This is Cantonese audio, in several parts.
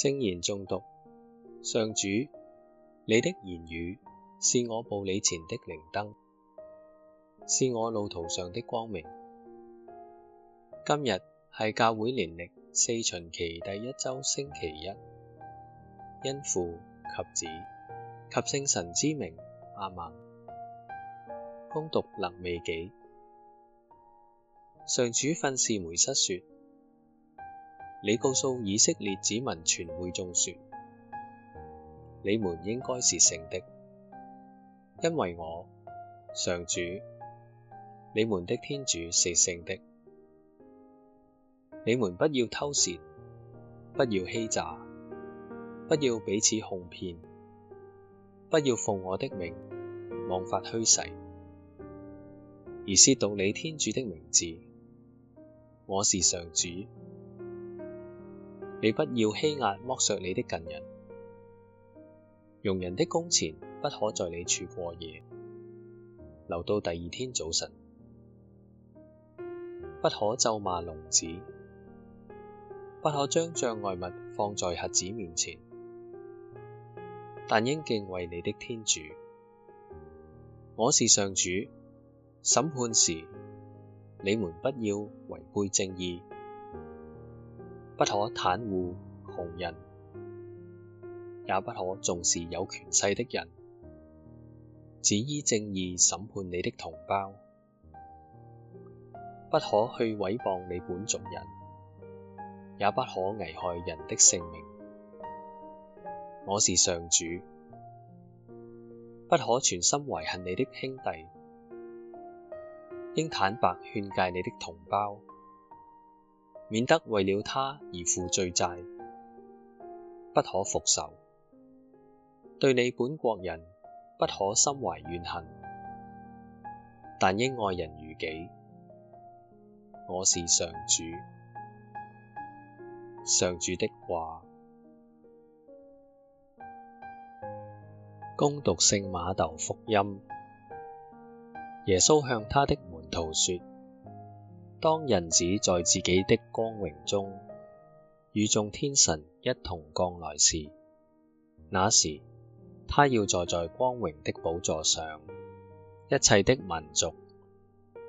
聖言誦讀。上主，你的言語是我步履前的靈燈，是我路途上的光明。今日係教會年曆四旬期第一周星期一，因父及子及聖神之名阿，阿們。誦讀《肋未紀》，上主訓示梅瑟說。你告訴以色列子民全會眾説：你們應該是聖的，因為我，上主，你們的天主是聖的。你們不要偷竊，不要欺詐，不要彼此哄騙，不要奉我的名，妄發虛誓，而褻瀆你天主的名字。我是上主。你不要欺壓剝削你的近人，傭人的工錢不可在你處過夜，留到第二天早晨。不可咒罵聾子，不可將障礙物放在瞎子面前，但應敬畏你的天主。我是上主。審判時，你們不要違背正義。不可袒護窮人，也不可重視有權勢的人，只依正義審判你的同胞；不可去毀謗你本族人，也不可危害人的性命。我是上主，不可存心懷恨你的兄弟，應坦白勸戒你的同胞。免得為了他而負罪債，不可復仇；對你本國人不可心懷怨恨，但應愛人如己。我是上主。上主的話。恭讀聖瑪竇福音，耶穌向他的門徒說：當人子在自己的光榮中與眾天神一同降來時，那時他要坐在，在光榮的寶座上，一切的民族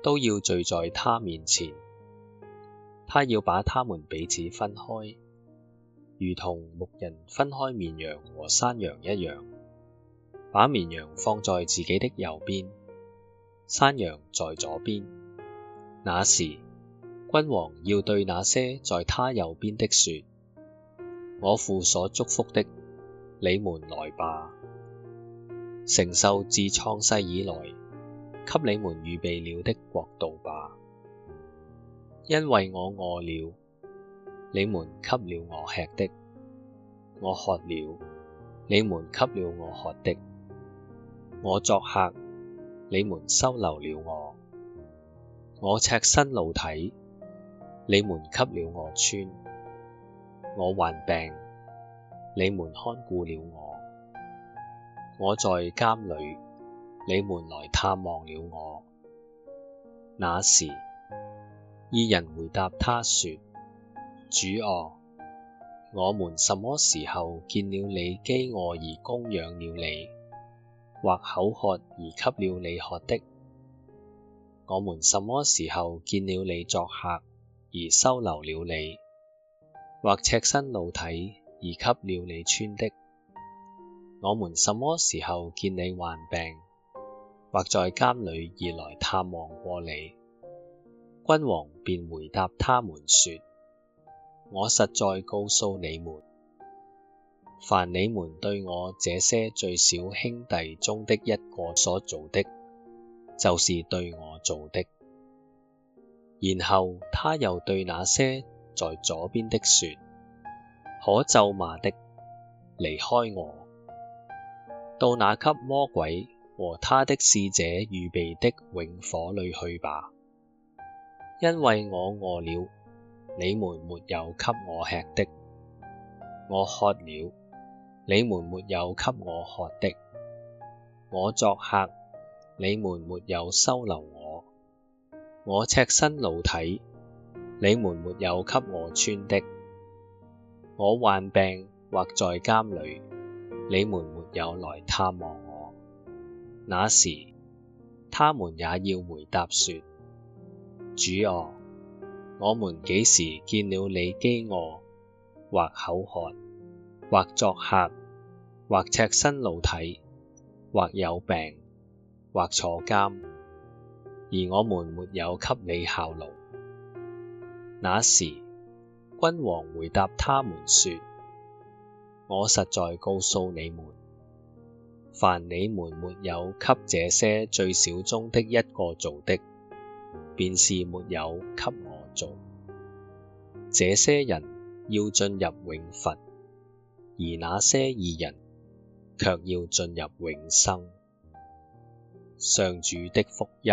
都要聚在他面前。他要把他們彼此分開，如同牧人分開綿羊和山羊一樣，把綿羊放在自己的右邊，山羊在左邊。那時，君王要對那些在他右邊的說：我父所祝福的，你們來吧，承受自創世以來給你們預備了的國度吧。因為我餓了，你們給了我吃的；我渴了，你們給了我喝的；我作客，你們收留了我。我赤身露體，你們給了我穿；我患病，你們看顧了我；我在監裡，你們來探望了我。那時，義人回答他說：主啊，我們什麼時候見了你饑餓而供養了你，或口渴而給了你喝的？我們什麼時候見了你作客而收留了你，或赤身露體而給了你穿的？我們什麼時候見你患病或在監裏而來探望過你？君王便回答他們說：我實在告訴你們，凡你們對我這些最小兄弟中的一個所做的，就是對我做的。然後他又對那些在左邊的說，可咒罵的，離開我，到那給魔鬼和他的使者預備的永火裏去吧，因為我餓了，你們沒有給我吃的；我渴了，你們沒有給我喝的；我作客，你們沒有收留我，我赤身露體，你們沒有給我穿的，我患病或在監裏，你們沒有來探望我。那時他們也要回答說：「主啊，我們幾時見了你饑餓或口渴，或作客，或赤身露體或有病？或坐監，而我們沒有給你效勞。那時，君王回答他們說：我實在告訴你們，凡你們沒有給這些最小中的一個做的，便是沒有給我做。這些人要進入永罰，而那些義人卻要進入永生。上主的福音。